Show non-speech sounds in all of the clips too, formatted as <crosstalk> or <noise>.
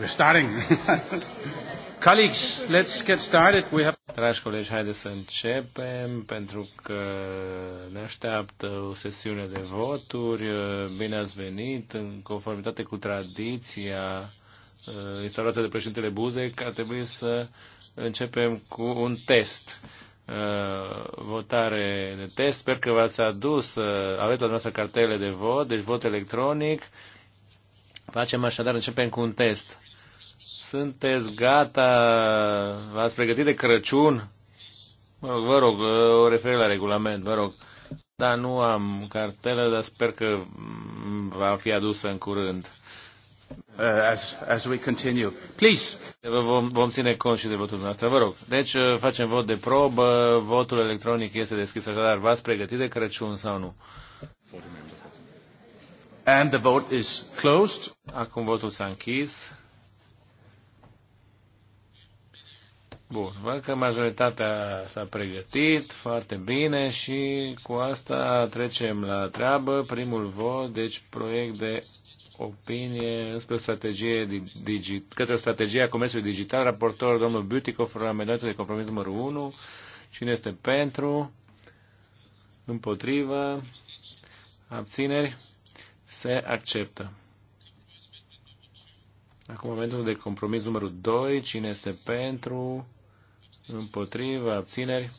We're starting. <laughs> Colleagues, let's get started. We have... Dragi colegi, haideți să începem, pentru că ne așteaptă o sesiune de voturi. Bine ați venit, în conformitate cu tradiția uh, instalată de președintele Buzek, ar trebui să începem cu un test uh, votare de test. Sper că v-ați adus, uh, aveți la noastră cartele de vot, deci vot electronic. Facem așadar, începem cu un test. Sunteți gata? V-ați pregătit de Crăciun? Mă rog, vă rog, o refer la regulament, vă rog. Da, nu am cartelă, dar sper că va fi adusă în curând. Uh, as, as we continue. Please. Vom, vom ține cont și de votul dumneavoastră. Vă rog. Deci uh, facem vot de probă, votul electronic este deschis, așadar v-ați pregătit de Crăciun sau nu? And the vote is closed. Acum votul s-a închis. Bun, văd că majoritatea s-a pregătit foarte bine și cu asta trecem la treabă. Primul vot, deci proiect de opinie spre o strategie digit, către o strategie a comerțului digital, raportor domnul Butikofer, amendamentul de compromis numărul 1. Cine este pentru? Împotrivă? Abțineri? Se acceptă. Acum momentul de compromis numărul 2. Cine este pentru? împotriva, abțineri,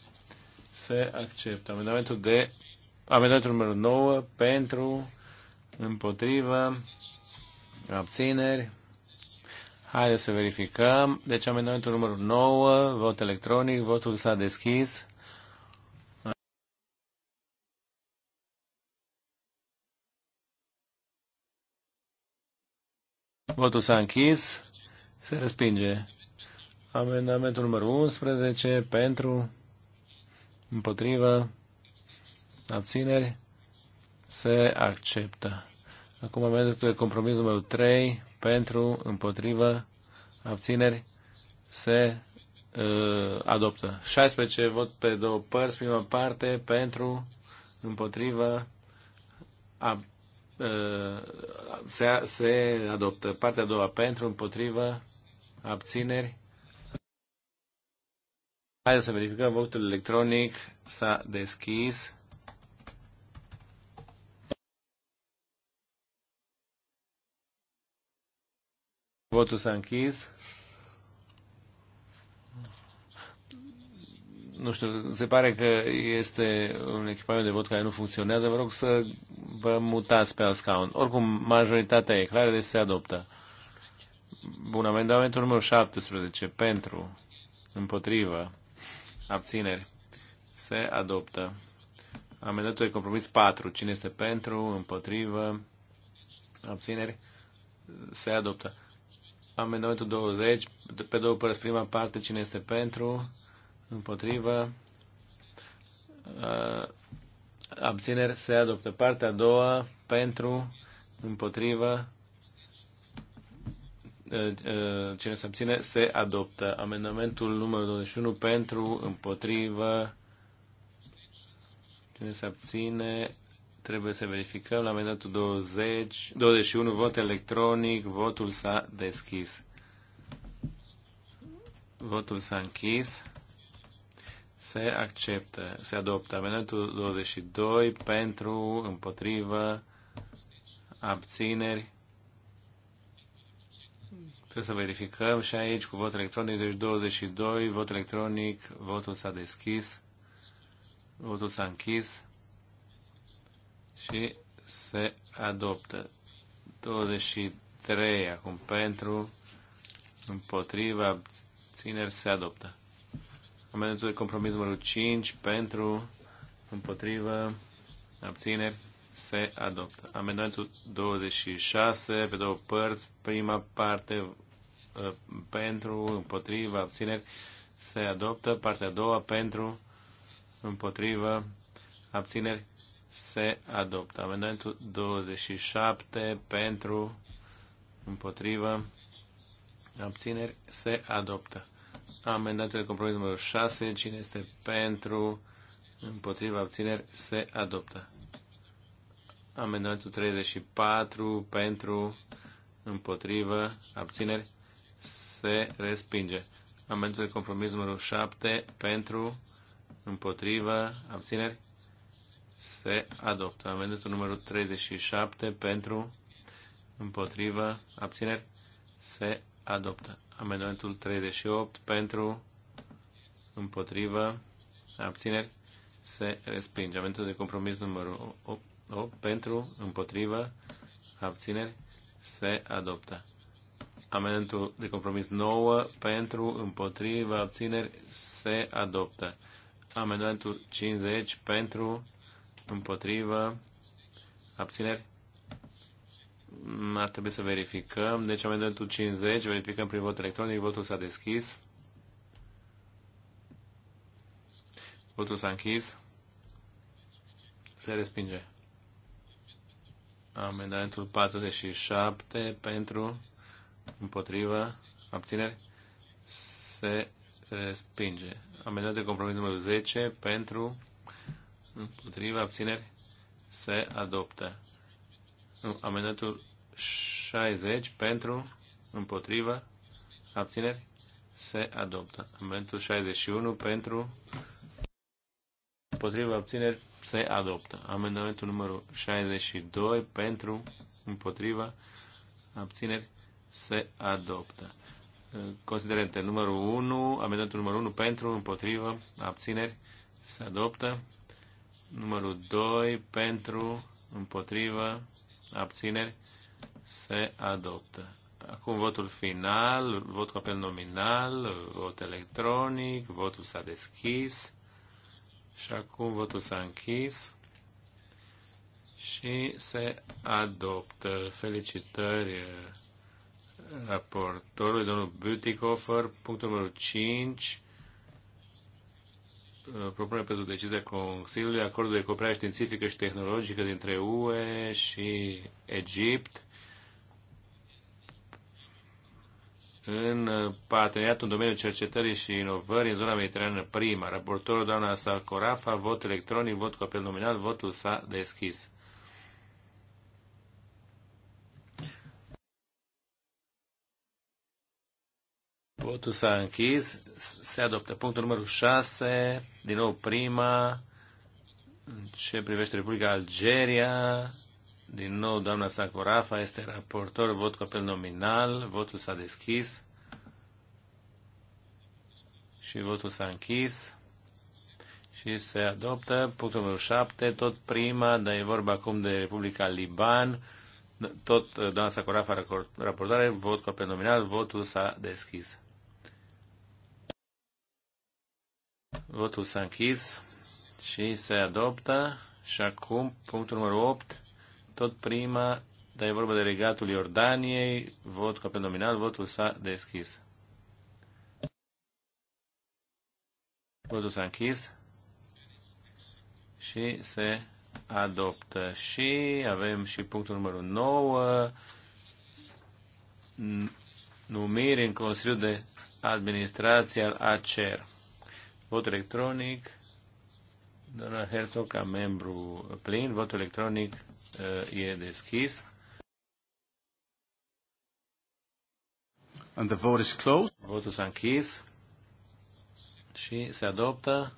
se acceptă. Amendamentul de amendamentul numărul 9 pentru, împotriva, abțineri. Haideți să verificăm. Deci amendamentul numărul 9, vot electronic, votul s-a deschis. Votul s-a închis. Se respinge. Amendamentul numărul 11 pentru, împotrivă, abțineri, se acceptă. Acum amendamentul de compromis numărul 3 pentru, împotrivă, abțineri, se uh, adoptă. 16 vot pe două părți, prima parte, pentru, împotrivă, ab, uh, se, se adoptă. Partea a doua, pentru, împotrivă, abțineri, Haideți să verificăm votul electronic. S-a deschis. Votul s-a închis. Nu știu, se pare că este un echipament de vot care nu funcționează. Vă rog să vă mutați pe alt scaun. Oricum, majoritatea e clară, deci se adoptă. Bun, amendamentul numărul 17. Pentru. Împotrivă. Abțineri. Se adoptă. Amendatul de compromis 4. Cine este pentru? Împotrivă? Abțineri? Se adoptă. Amendamentul 20. Pe două părți, prima parte. Cine este pentru? Împotrivă? Abțineri? Se adoptă. Partea a doua. Pentru? Împotrivă? Eh, cine se abține, se adoptă. Amendamentul numărul 21 pentru, împotrivă, cine se abține, trebuie să verificăm. La amendamentul 20, 21, vot electronic, votul s-a deschis. Votul s-a închis. Se acceptă, se adoptă. Amendamentul 22 pentru, împotrivă, abțineri Trebuie să verificăm și aici cu vot electronic, deci 22, vot electronic, votul s-a deschis, votul s-a închis și se adoptă. 23 acum pentru, împotriva, țineri, se adoptă. Amendamentul de compromis numărul 5 pentru, împotriva, abțineri se adoptă. Amendamentul 26, pe două părți, prima parte uh, pentru, împotriva, abțineri, se adoptă. Partea a doua pentru, împotriva, abțineri, se adoptă. Amendamentul 27 pentru, împotriva, abțineri, se adoptă. Amendamentul de compromis numărul 6, cine este pentru, împotriva, abțineri, se adoptă. Amendamentul 34 pentru, împotrivă, abțineri, se respinge. Amendamentul de compromis numărul 7 pentru, împotrivă, abțineri, se adoptă. Amendamentul numărul 37 pentru, împotrivă, abțineri, se adoptă. Amendamentul 38 pentru, împotrivă, abțineri, se respinge. Amendamentul de compromis numărul o, pentru, împotrivă, abțineri, se adoptă. Amendamentul de compromis 9 pentru, împotrivă, abțineri, se adoptă. Amendamentul 50 pentru, împotrivă, abțineri. Mm, ar trebui să verificăm. Deci amendamentul 50, verificăm prin vot electronic, votul s-a deschis. Votul s-a închis. Se respinge. Amendamentul 47 pentru, împotriva, abțineri, se respinge. Amendamentul de compromis numărul 10 pentru, împotriva, abțineri, se adoptă. amendamentul 60 pentru, împotriva, abțineri, se adoptă. Amendamentul 61 pentru, împotriva, abțineri, se adoptă. Amendamentul numărul 62 pentru, împotriva, abțineri, se adoptă. Considerente numărul 1, amendamentul numărul 1 pentru, împotriva, abțineri, se adoptă. Numărul 2 pentru, împotriva, abțineri, se adoptă. Acum votul final, vot cu apel nominal, vot electronic, votul s-a deschis. Și acum votul s-a închis și se adoptă. Felicitări eh, raportorului, domnul Butikofer, punctul numărul 5, eh, propunerea pentru decizia Consiliului, acordul de cooperare științifică și tehnologică dintre UE și Egipt în uh, parteneriatul în domeniul cercetării și inovării în zona mediterană prima. Raportorul doamna Sacorafa, vot electronic, vot cu apel nominal, votul s-a deschis. Votul s-a închis. Se adoptă punctul numărul 6, din nou prima, în ce privește Republica Algeria, din nou, doamna Sacorafa este raportor, vot cu apel nominal, votul s-a deschis și votul s-a închis și se adoptă punctul numărul 7, tot prima, dar e vorba acum de Republica Liban, tot eh, doamna Sacorafa raportare, vot cu apel nominal, votul s-a deschis. Votul s-a închis și se adoptă și acum punctul numărul 8, tot prima, dar e vorba de regatul Iordaniei, vot cu apel nominal, votul s-a deschis. Votul s-a închis și se adoptă. Și avem și punctul numărul 9, numiri în Consiliul de Administrație al ACER. Vot electronic, doamna Herzog ca membru plin, vot electronic Uh, e deschis. And the vote is closed. Votul s-a închis și se adoptă.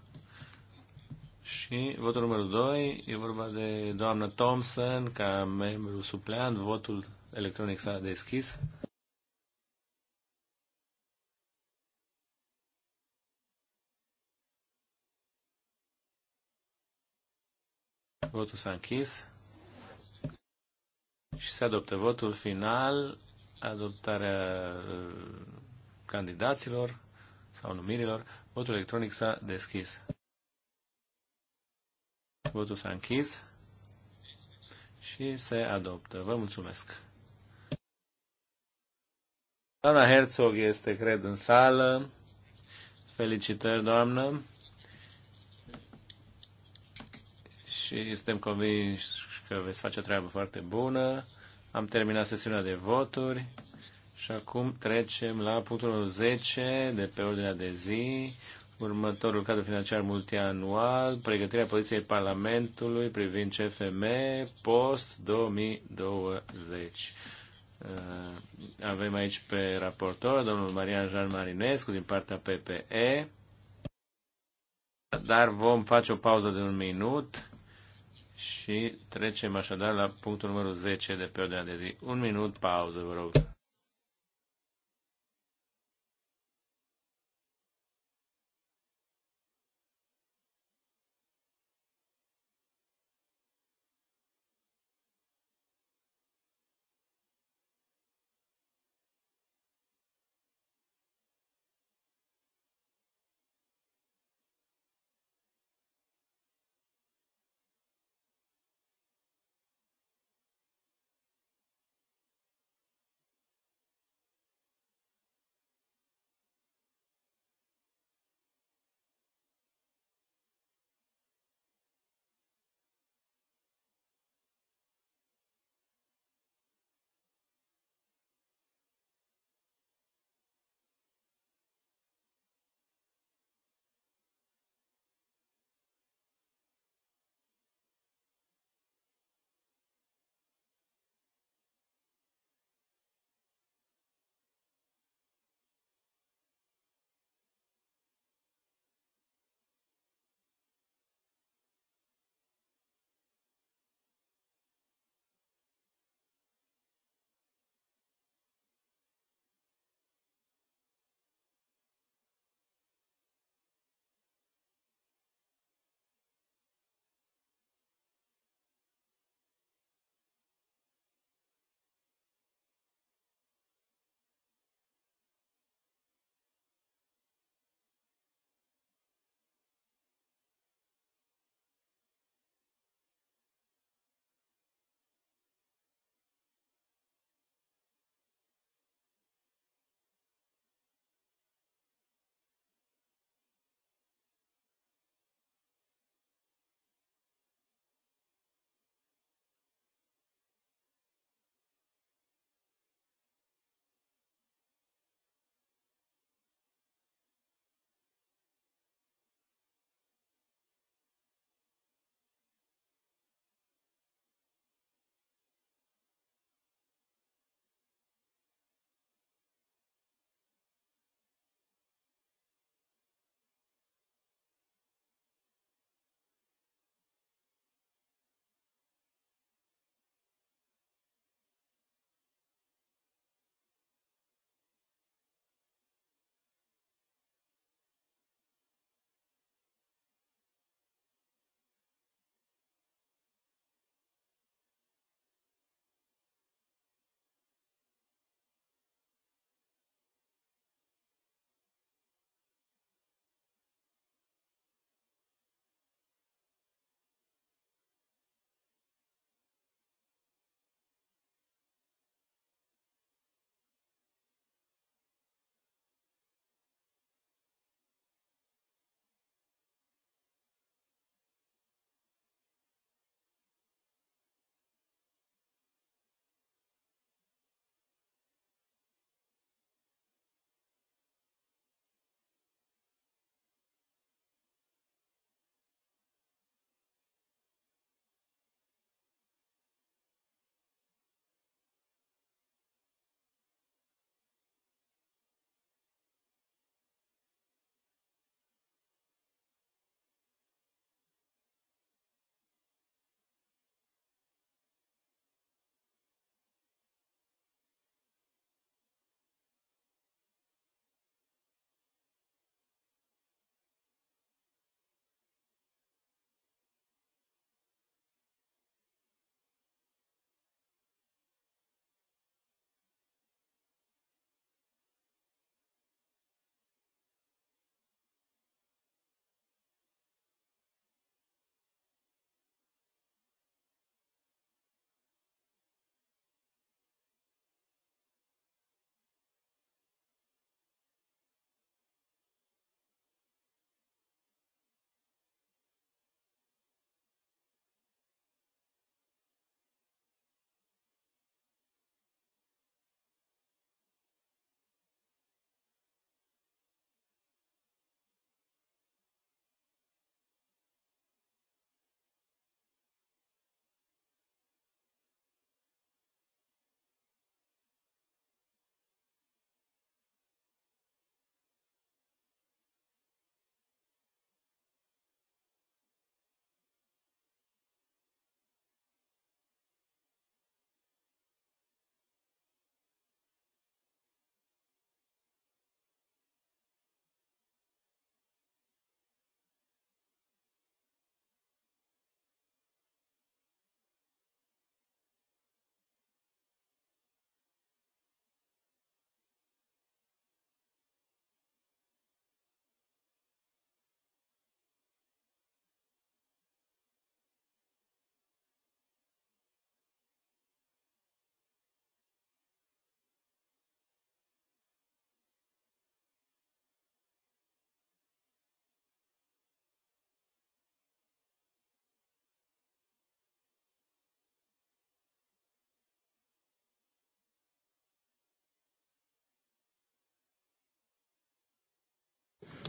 Și votul numărul 2 e vorba de doamna Thompson ca membru supleant. Votul electronic s-a deschis. Votul s-a închis și se adoptă votul final, adoptarea uh, candidaților sau numirilor. Votul electronic s-a deschis. Votul s-a închis și se adoptă. Vă mulțumesc! Doamna Herzog este, cred, în sală. Felicitări, doamnă! Și suntem convinși că veți face o treabă foarte bună. Am terminat sesiunea de voturi și acum trecem la punctul 10 de pe ordinea de zi, următorul cadru financiar multianual, pregătirea poziției Parlamentului privind CFM post-2020. Uh, avem aici pe raportor, domnul Marian Jean Marinescu, din partea PPE. Dar vom face o pauză de un minut și trecem așadar la punctul numărul 10 de pe ordinea de zi. Un minut pauză, vă rog.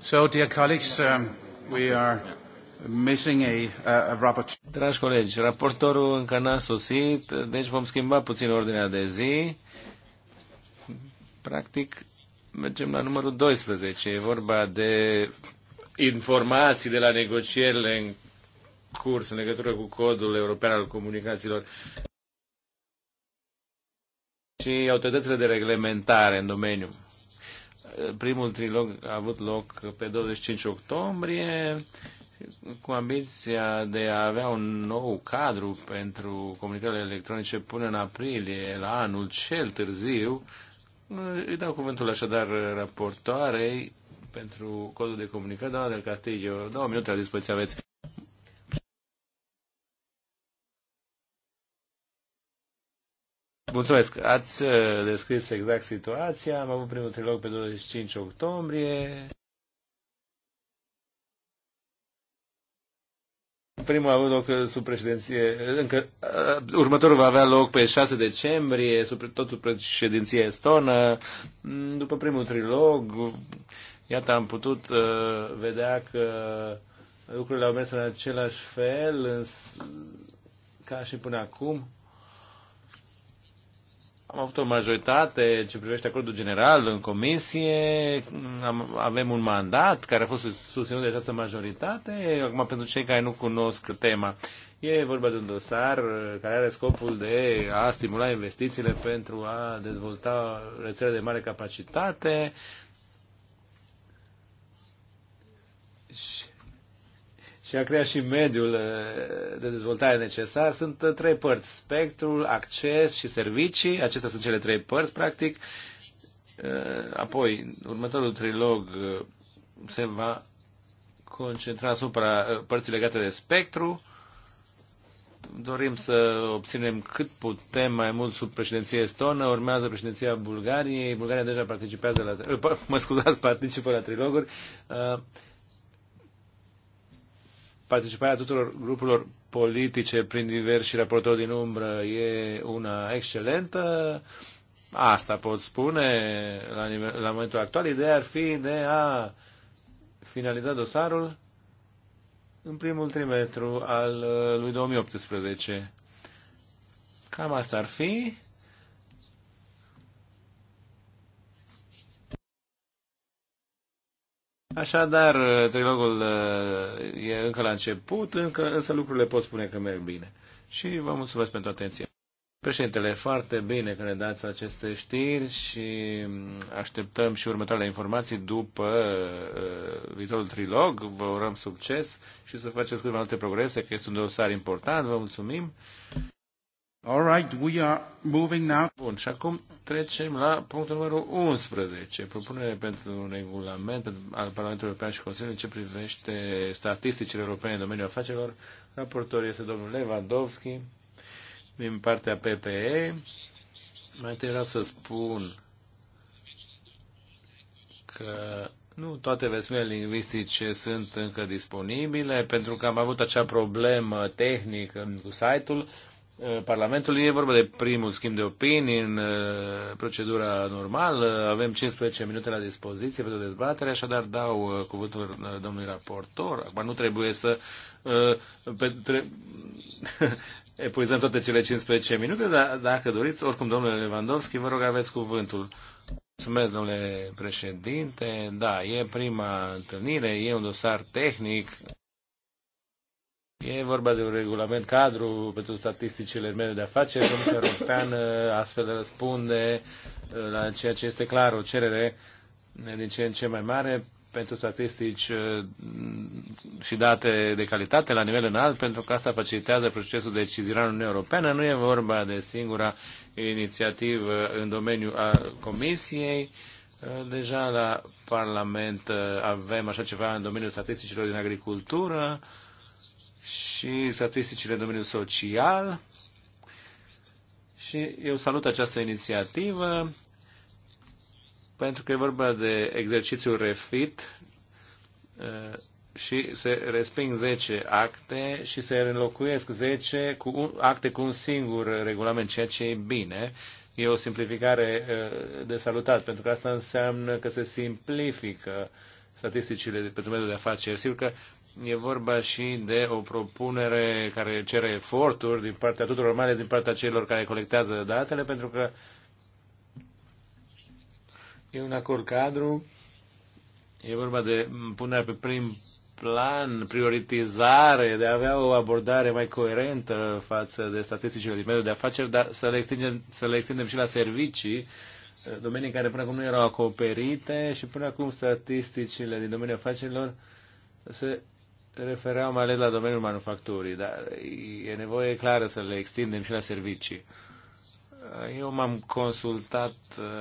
So, dear colleagues, um, we are missing a, a rapporteur. Dragi colegi, raportorul încă n-a sosit, deci vom schimba puțin ordinea de zi. Practic, mergem la numărul 12. E vorba de informații de la negocierile în curs în legătură cu codul european al comunicațiilor și autoritățile de reglementare în domeniu. Primul trilog a avut loc pe 25 octombrie cu ambiția de a avea un nou cadru pentru comunicările electronice până în aprilie, la anul cel târziu. Îi dau cuvântul așadar raportoarei pentru codul de comunicare, doamna del Castillo. Două minute la dispoziție aveți. Mulțumesc. Ați uh, descris exact situația. Am avut primul trilog pe 25 octombrie. Primul a avut loc uh, sub președinție, uh, încă, uh, următorul va avea loc pe 6 decembrie, sub, tot sub președinție estonă. Mm, după primul trilog, iată, am putut uh, vedea că lucrurile au mers în același fel în, ca și până acum. Am avut o majoritate ce privește acordul general în comisie, am, avem un mandat care a fost susținut de această majoritate. Acum, pentru cei care nu cunosc tema, e vorba de un dosar care are scopul de a stimula investițiile pentru a dezvolta rețele de mare capacitate. Și și a creat și mediul uh, de dezvoltare necesar, sunt uh, trei părți. Spectrul, acces și servicii, acestea sunt cele trei părți, practic. Uh, apoi, următorul trilog se va concentra asupra părții legate de spectru. Dorim să obținem cât putem mai mult sub președinția estonă. Urmează președinția Bulgariei. Bulgaria deja participează la... <laughs> Mă scuzați, participă la triloguri participarea tuturor grupurilor politice prin diversi raportori din umbră e una excelentă. Asta pot spune la, nivel, la momentul actual. Ideea ar fi de a finaliza dosarul în primul trimestru al uh, lui 2018. Cam asta ar fi. Așadar, uh, trilogul uh, e încă la început, încă, însă lucrurile pot spune că merg bine. Și vă mulțumesc pentru atenție. Președintele, foarte bine că ne dați aceste știri și mm, așteptăm și următoarele informații după uh, viitorul trilog. Vă urăm succes și să faceți câteva alte progrese, că este un dosar important. Vă mulțumim. All right, we are moving now. Bun, și acum trecem la punctul numărul 11, propunere pentru un regulament al Parlamentului European și Consiliului ce privește statisticile europene în domeniul afacerilor. Raportor este domnul Lewandowski din partea PPE. Mai întâi vreau să spun că nu toate versiunile lingvistice sunt încă disponibile, pentru că am avut acea problemă tehnică cu site-ul Eh, Parlamentului. E vorba de primul schimb de opinii în eh, procedura normală. Avem 15 minute la dispoziție pentru dezbatere, așadar dau eh, cuvântul domnului raportor. Acum nu trebuie să petre... <laughs> epuizăm toate cele 15 minute, dar dacă doriți, oricum, domnule Lewandowski, vă rog, aveți cuvântul. Mulțumesc, domnule președinte. Da, e prima întâlnire, e un dosar tehnic E vorba de un regulament cadru pentru statisticile mele de afaceri. Comisia Europeană astfel răspunde uh, la ceea ce este clar o cerere din ce în ce mai mare pentru statistici uh, și date de calitate la nivel înalt, pentru că asta facilitează procesul decizional în Uniunea Europeană. Nu e vorba de singura inițiativă în domeniul a Comisiei. Uh, deja la Parlament avem așa ceva în domeniul statisticilor din agricultură și statisticile în domeniul social. Și eu salut această inițiativă pentru că e vorba de exercițiul refit eh, și se resping 10 acte și se înlocuiesc 10 cu un, acte cu un singur regulament, ceea ce e bine. E o simplificare eh, de salutat, pentru că asta înseamnă că se simplifică statisticile pentru mediul de afaceri. Sigur că E vorba și de o propunere care cere eforturi din partea tuturor, mai ales din partea celor care colectează datele, pentru că e un acord cadru, e vorba de punerea pe prim plan, prioritizare, de a avea o abordare mai coerentă față de statisticile din mediul de afaceri, dar să le extindem, să le extindem și la servicii, domenii care până acum nu erau acoperite și până acum statisticile din domeniul afacerilor se refereau mai ales la domeniul manufacturii, dar e nevoie clară să le extindem și la servicii. Eu m-am consultat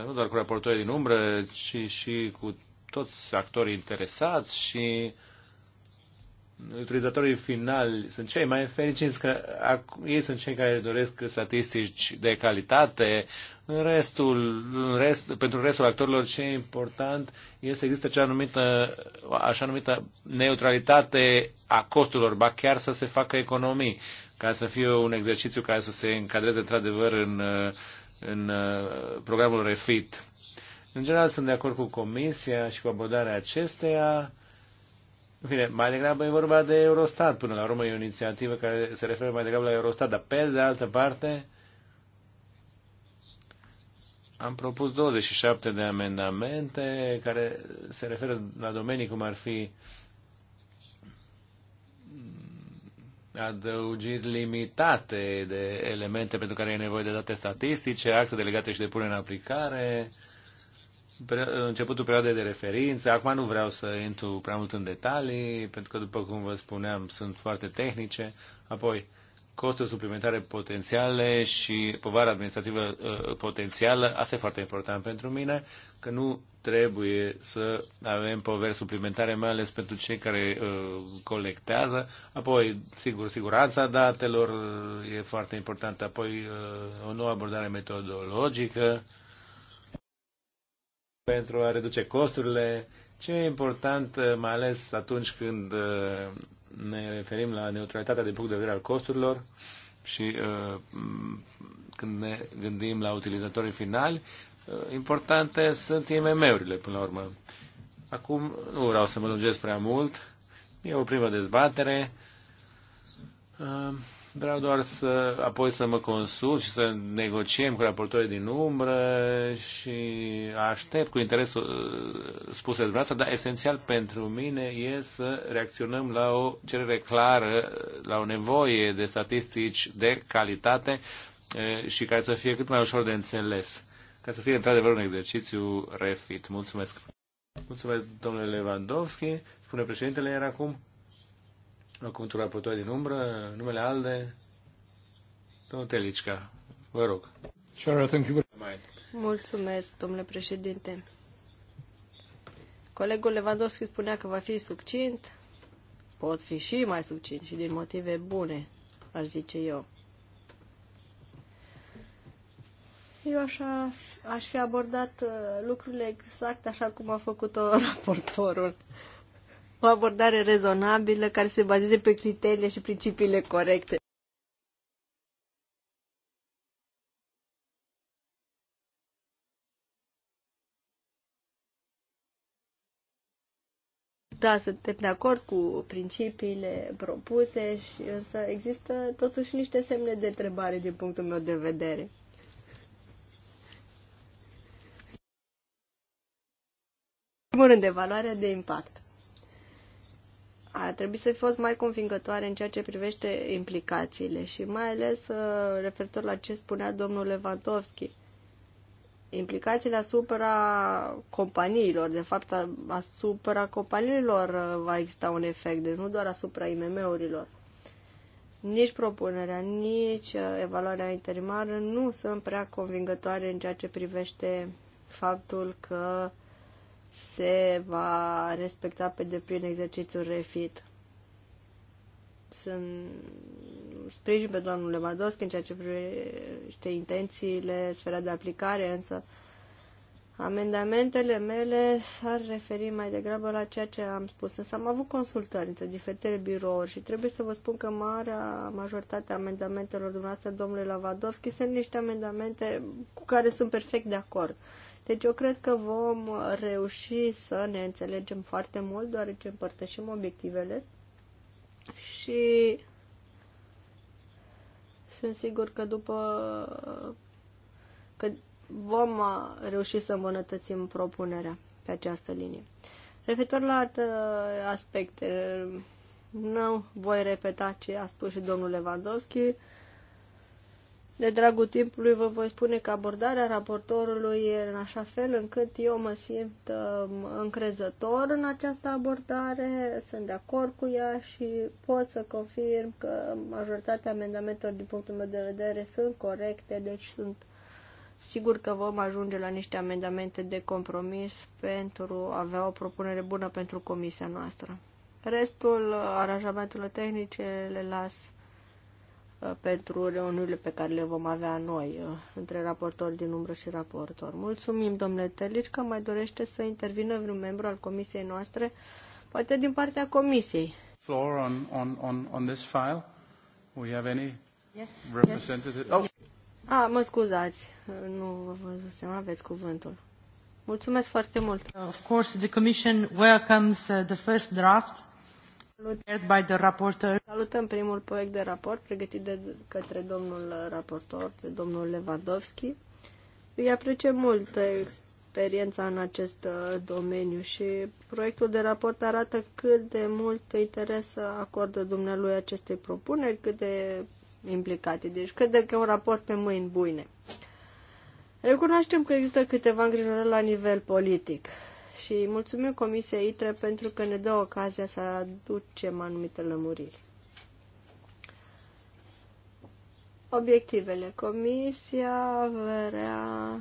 nu doar cu raportorii din umbră, ci și cu toți actorii interesați și uh, utilizatorii finali sunt cei mai fericiți, că ei sunt cei care doresc statistici de calitate. În restul, în rest, pentru restul actorilor, ce e important este să există cea numită, așa numită neutralitate a costurilor, ba chiar să se facă economii, ca să fie un exercițiu care să se încadreze într-adevăr în, în uh, programul REFIT. În general sunt de acord cu Comisia și cu abordarea acesteia în fine, mai degrabă e vorba de Eurostat. Până la urmă e o inițiativă care se referă mai degrabă la Eurostat, dar pe de altă parte am propus 27 de amendamente care se referă la domenii cum ar fi adăugiri limitate de elemente pentru care e nevoie de date statistice, acte delegate și de pune în aplicare, începutul perioadei de referință. Acum nu vreau să intru prea mult în detalii, pentru că, după cum vă spuneam, sunt foarte tehnice. Apoi, costuri suplimentare potențiale și povara administrativă ă, potențială. Asta e foarte important pentru mine, că nu trebuie să avem poveri suplimentare, mai ales pentru cei care uh, colectează. Apoi, sigur, siguranța datelor ă, e foarte importantă. Apoi, uh, o nouă abordare metodologică pentru a reduce costurile. Ce e important, uh, mai ales atunci când uh, ne referim la neutralitatea din punct de vedere al costurilor și uh, când ne gândim la utilizatorii finali, importante sunt IMM-urile, până la urmă. Acum nu vreau să mă lungesc prea mult. E o primă dezbatere. Vreau doar să apoi să mă consult și să negociem cu raportorii din umbră și aștept cu interesul uh, spusele dumneavoastră, dar esențial pentru mine e să reacționăm la o cerere clară, la o nevoie de statistici de calitate uh, și care să fie cât mai ușor de înțeles, ca să fie într-adevăr un exercițiu refit. Mulțumesc! Mulțumesc, domnule Lewandowski. Spune președintele, iar acum cum tu raportoare din umbră, numele ALDE, domnul Telicca. Vă rog. Sure, thank you. Mulțumesc, domnule președinte. Colegul Lewandowski spunea că va fi succint. Pot fi și mai succint și din motive bune, aș zice eu. Eu așa aș fi abordat uh, lucrurile exact așa cum a făcut-o <laughs> raportorul o abordare rezonabilă care se bazeze pe criteriile și principiile corecte. Da, suntem de acord cu principiile propuse și însă există totuși niște semne de întrebare din punctul meu de vedere. primul rând, evaluarea de impact ar trebui să fi fost mai convingătoare în ceea ce privește implicațiile și mai ales uh, referitor la ce spunea domnul Lewandowski. Implicațiile asupra companiilor, de fapt asupra companiilor uh, va exista un efect, deci nu doar asupra IMM-urilor. Nici propunerea, nici uh, evaluarea interimară nu sunt prea convingătoare în ceea ce privește faptul că se va respecta pe deplin exercițiul refit. Sunt sprijin pe domnul Lewandowski în ceea ce privește intențiile, sfera de aplicare, însă amendamentele mele s-ar referi mai degrabă la ceea ce am spus. Însă am avut consultări între diferitele birouri și trebuie să vă spun că marea majoritate a amendamentelor dumneavoastră, domnule Lewandowski, sunt niște amendamente cu care sunt perfect de acord. Uh, deci eu cred că vom reuși să ne înțelegem foarte mult, deoarece împărtășim obiectivele și sunt sigur că după că vom reuși să îmbunătățim propunerea pe această linie. Referitor la alte aspecte, nu voi repeta ce a spus și domnul Lewandowski. De dragul timpului vă voi spune că abordarea raportorului e în așa fel încât eu mă simt um, încrezător în această abordare, sunt de acord cu ea și pot să confirm că majoritatea amendamentelor din punctul meu de vedere sunt corecte, deci sunt sigur că vom ajunge la niște amendamente de compromis pentru a avea o propunere bună pentru comisia noastră. Restul uh, aranjamentelor tehnice le las Uh, pentru reuniunile pe care le vom avea noi uh, între raportori din umbră și raportor. Mulțumim, domnule Telici, că mai dorește să intervină vreun membru al comisiei noastre, poate din partea comisiei. Floor on, on, on, on this file? We have any yes, representative? Yes. Oh. A, mă scuzați, nu vă văzusem, aveți cuvântul. Mulțumesc foarte mult. Of course, the Commission welcomes uh, the first draft by the rapporteur. Salutăm primul proiect de raport pregătit de către domnul raportor, de domnul Lewandowski. Îi apreciem mult experiența în acest uh, domeniu și proiectul de raport arată cât de mult interes acordă dumnealui acestei propuneri, cât de implicate. Deci credem că e un raport pe mâini bune. Recunoaștem că există câteva îngrijorări la nivel politic și mulțumim Comisiei ITRE pentru că ne dă ocazia să aducem anumite lămuriri. Obiectivele. Comisia vrea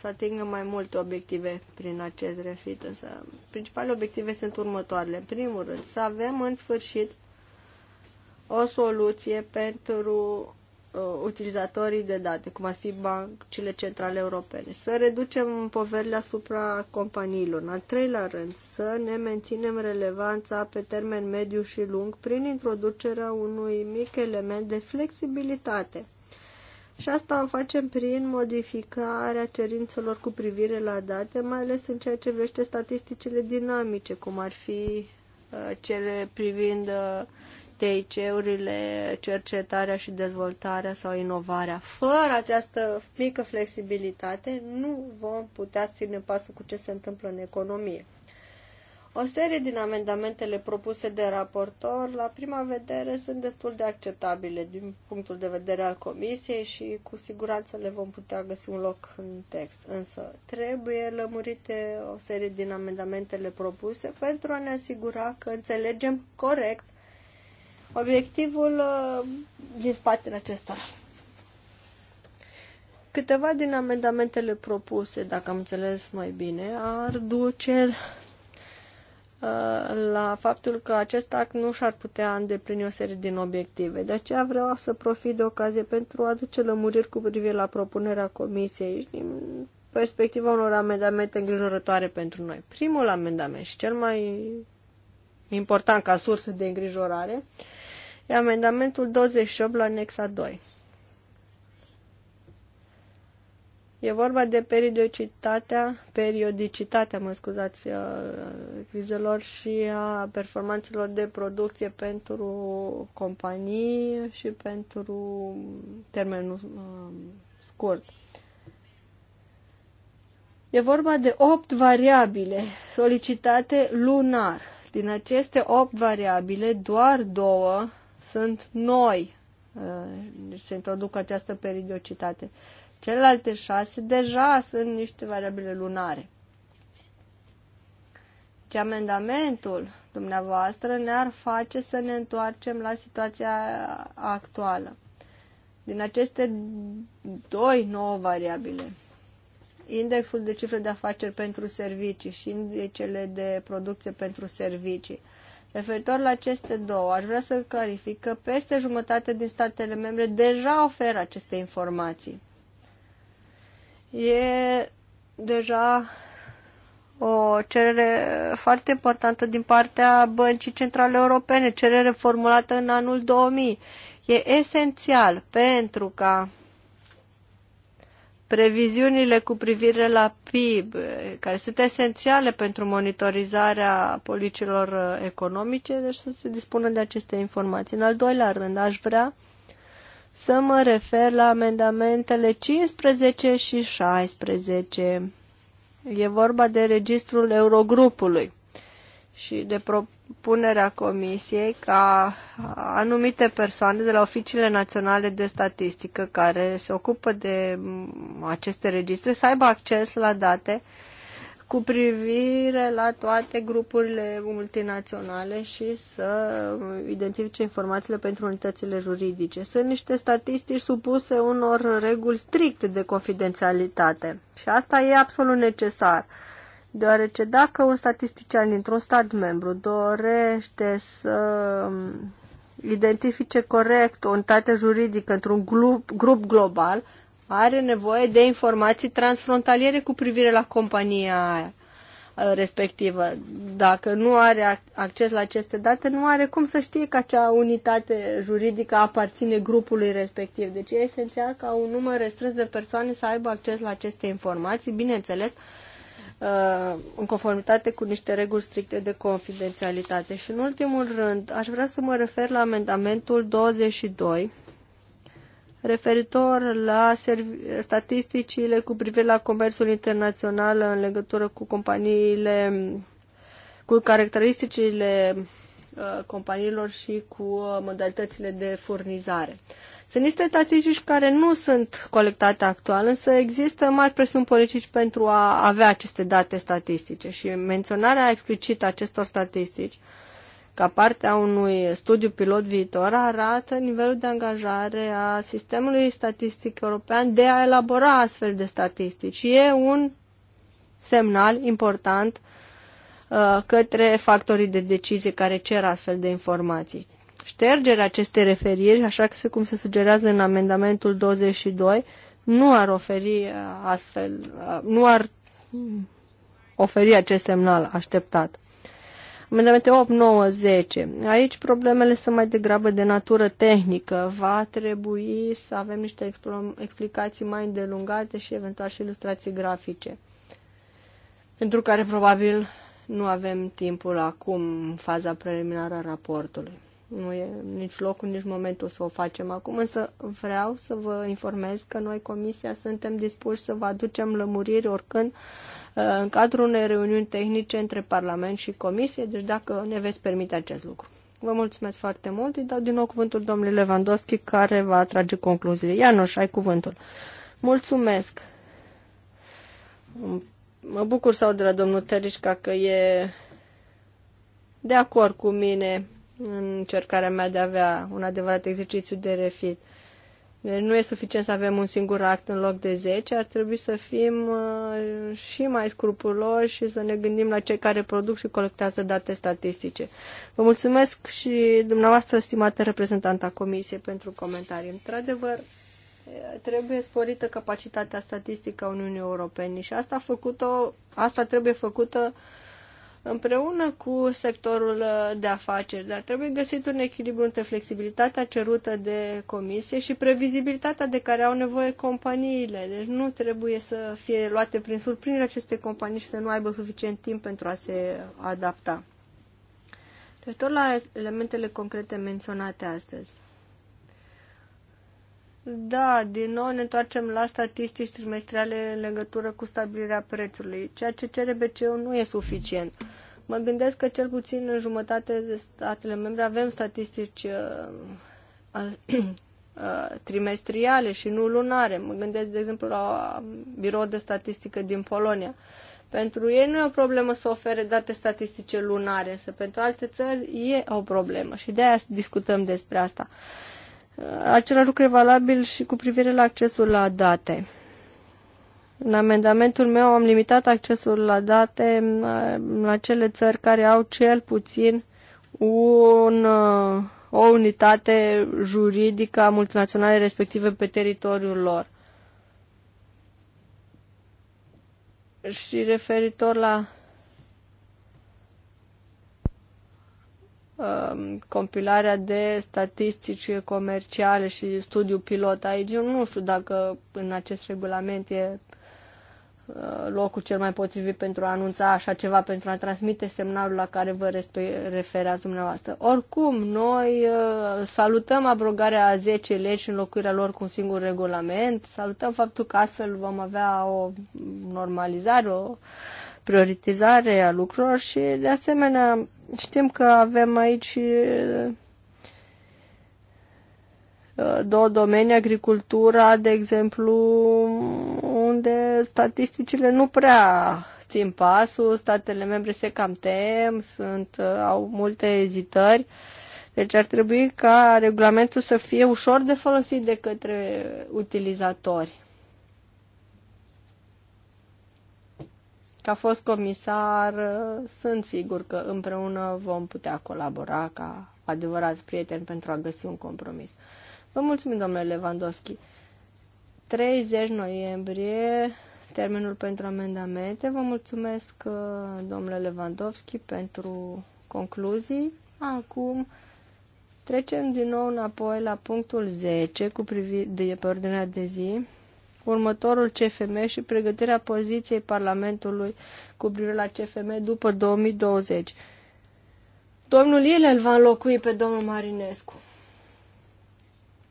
să atingă mai multe obiective prin acest refit, însă principalele obiective sunt următoarele. În primul rând, să avem în sfârșit o soluție pentru Uh, utilizatorii de date, cum ar fi bancile centrale europene, să reducem poverile asupra companiilor. În al treilea rând, să ne menținem relevanța pe termen mediu și lung prin introducerea unui mic element de flexibilitate. Și asta o facem prin modificarea cerințelor cu privire la date, mai ales în ceea ce privește statisticile dinamice, cum ar fi uh, cele privind uh, TIC-urile, cercetarea și dezvoltarea sau inovarea. Fără această mică flexibilitate nu vom putea ține pasul cu ce se întâmplă în economie. O serie din amendamentele propuse de raportor, la prima vedere, sunt destul de acceptabile din punctul de vedere al comisiei și cu siguranță le vom putea găsi un loc în text. Însă trebuie lămurite o serie din amendamentele propuse pentru a ne asigura că înțelegem corect obiectivul uh, din spatele acesta. Câteva din amendamentele propuse, dacă am înțeles mai bine, ar duce uh, la faptul că acest act nu și-ar putea îndeplini o serie din obiective. De aceea vreau să profit de ocazie pentru a aduce lămuriri cu privire la propunerea comisiei și din perspectiva unor amendamente îngrijorătoare pentru noi. Primul amendament și cel mai important ca sursă de îngrijorare uh, E amendamentul 28 la anexa 2. E vorba de periodicitatea, periodicitatea, mă scuzați, vizelor uh, și a performanțelor de producție pentru companii și pentru termenul uh, scurt. E vorba de 8 variabile solicitate lunar. Din aceste 8 variabile, doar două sunt noi. Deci se introduc această periodicitate. Celelalte șase deja sunt niște variabile lunare. Deci amendamentul dumneavoastră ne-ar face să ne întoarcem la situația actuală. Din aceste doi nouă variabile, indexul de cifre de afaceri pentru servicii și indicele de producție pentru servicii, Referitor la aceste două, aș vrea să clarific că peste jumătate din statele membre deja oferă aceste informații. E deja o cerere foarte importantă din partea Băncii Centrale Europene, cerere formulată în anul 2000. E esențial pentru ca previziunile cu privire la PIB, care sunt esențiale pentru monitorizarea politicilor uh, economice, deci să se dispună de aceste informații. În al doilea rând, aș vrea să mă refer la amendamentele 15 și 16. E vorba de registrul Eurogrupului și de pro- punerea comisiei ca anumite persoane de la oficiile naționale de statistică care se ocupă de aceste registre să aibă acces la date cu privire la toate grupurile multinaționale și să identifice informațiile pentru unitățile juridice. Sunt niște statistici supuse unor reguli stricte de confidențialitate și asta e absolut necesar. Uh, Deoarece dacă un statistician dintr-un stat membru dorește să um, identifice corect o unitate juridică într-un grup, grup global, are nevoie de informații transfrontaliere cu privire la compania aia uh, respectivă. Dacă nu are acces la aceste date, nu are cum să știe că acea unitate juridică aparține grupului respectiv. Deci e esențial ca un număr restrâns de persoane să aibă acces la aceste informații, bineînțeles, uh, Uh, în conformitate cu niște reguli stricte de confidențialitate. Și în ultimul rând, aș vrea să mă refer la amendamentul 22 referitor la statisticile cu privire la comerțul internațional în legătură cu companiile, cu caracteristicile uh, companiilor și cu uh, modalitățile de furnizare. Uh, sunt niște statistici care nu sunt colectate actual, însă există mari presiuni politici pentru a avea aceste date statistice și menționarea explicită a acestor statistici ca parte a unui studiu pilot viitor arată nivelul de angajare a sistemului statistic european de a elabora astfel de statistici. E un semnal important uh, către factorii de decizie care cer astfel de informații. Ștergerea acestei referiri, așa cum se sugerează în amendamentul 22, nu ar oferi uh, astfel, uh, nu ar oferi acest semnal așteptat. Amendamente 8, 9, 10. Aici problemele sunt mai degrabă de natură tehnică. Va trebui să avem niște explicații mai îndelungate și eventual și ilustrații grafice, pentru care probabil nu avem timpul acum în faza preliminară a raportului. Nu e nici locul, nici momentul să o facem acum, însă vreau să vă informez că noi, Comisia, suntem dispuși să vă aducem lămuriri oricând uh, în cadrul unei reuniuni tehnice între Parlament și Comisie, deci dacă ne veți permite acest lucru. Vă mulțumesc foarte mult. Îi dau din nou cuvântul domnului Lewandowski, care va atrage concluziile. Ianuș, ai cuvântul. Mulțumesc. Mă bucur să aud de la domnul Terișca că e de acord cu mine în încercarea mea de a avea un adevărat exercițiu de refit. Deci nu e suficient să avem un singur act în loc de 10, ar trebui să fim uh, și mai scrupuloși și să ne gândim la cei care produc și colectează date statistice. Vă mulțumesc și dumneavoastră, stimată reprezentanta Comisiei, pentru comentarii. Într-adevăr, trebuie sporită capacitatea statistică a Uniunii Europene și asta, făcut-o, asta trebuie făcută uh, împreună cu sectorul uh, de afaceri, dar trebuie găsit un echilibru între flexibilitatea cerută de comisie și previzibilitatea de care au nevoie companiile. Deci nu trebuie să fie luate prin surprindere aceste companii și să nu aibă suficient timp pentru a se adapta. Referitor la elementele concrete menționate astăzi. Da, din nou ne întoarcem la statistici trimestriale în legătură cu stabilirea prețului. Ceea ce cere BCE nu e suficient. Mă gândesc că cel puțin în jumătate de statele membre avem statistici uh, <clears throat> uh, trimestriale și nu lunare. Mă gândesc, de exemplu, la birou de statistică din Polonia. Pentru ei nu e o problemă să ofere date statistice lunare, însă pentru alte țări e o problemă și de aia discutăm despre asta. Uh, același lucru e valabil și cu privire la accesul la date. În amendamentul meu am limitat accesul la date mm, la cele țări care au cel puțin un, uh, o unitate juridică a multinaționale respective pe teritoriul lor. Și referitor la um, compilarea de statistici comerciale și studiu pilot aici. Eu nu știu dacă în acest regulament e Uh, locul cel mai potrivit pentru a anunța așa ceva, pentru a transmite semnalul la care vă referați dumneavoastră. Oricum, noi uh, salutăm abrogarea a 10 legi și înlocuirea lor cu un singur regulament, salutăm faptul că astfel vom avea o normalizare, o prioritizare a lucrurilor și, de asemenea, știm că avem aici uh, două domenii, agricultura, de exemplu, unde statisticile nu prea țin pasul, statele membre se cam tem, sunt, uh, au multe ezitări. Deci ar trebui ca regulamentul să fie ușor de folosit de către utilizatori. Ca fost comisar, uh, sunt sigur că împreună vom putea colabora ca adevărați prieteni pentru a găsi un compromis. Vă mulțumim, domnule Lewandowski. 30 noiembrie, termenul pentru amendamente. Vă mulțumesc, uh, domnule Lewandowski, pentru concluzii. Acum trecem din nou înapoi la punctul 10 cu privire de pe ordinea de zi următorul CFM și pregătirea poziției Parlamentului cu privire la CFM după 2020. Domnul Ilel va înlocui pe domnul Marinescu.